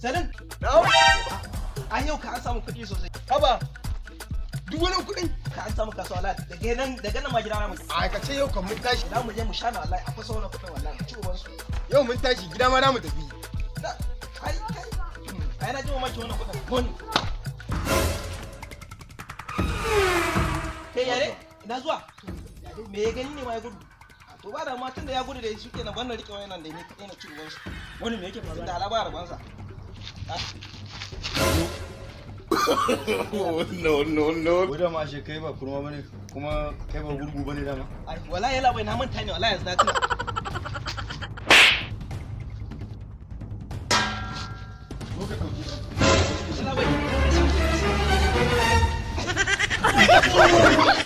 sanin an yau ka an samu kuɗi sosai haba duk wani kuɗi? ka an samu kasuwa wallahi daga nan daga nan ma gida na a ka ce yau kan mun tashi za mu je mu sha na wallahi akwai sauran kuɗin wallahi ci uban su yau mun tashi gida ma na mu tafi ai ai na ji maki wannan kuɗin bon kai yare ina zuwa me ya gani ne ma ya gudu to ba da ma tunda ya gudu da shi kenan wannan rike wannan da ne kaɗai na ci uban su wani me yake faruwa da alaba rabansa no no no wadda ma kai ba kurma bane kuma kai ba gurgu bane dama wallahi yalla bai na manta ne wallahi yanzu na tuna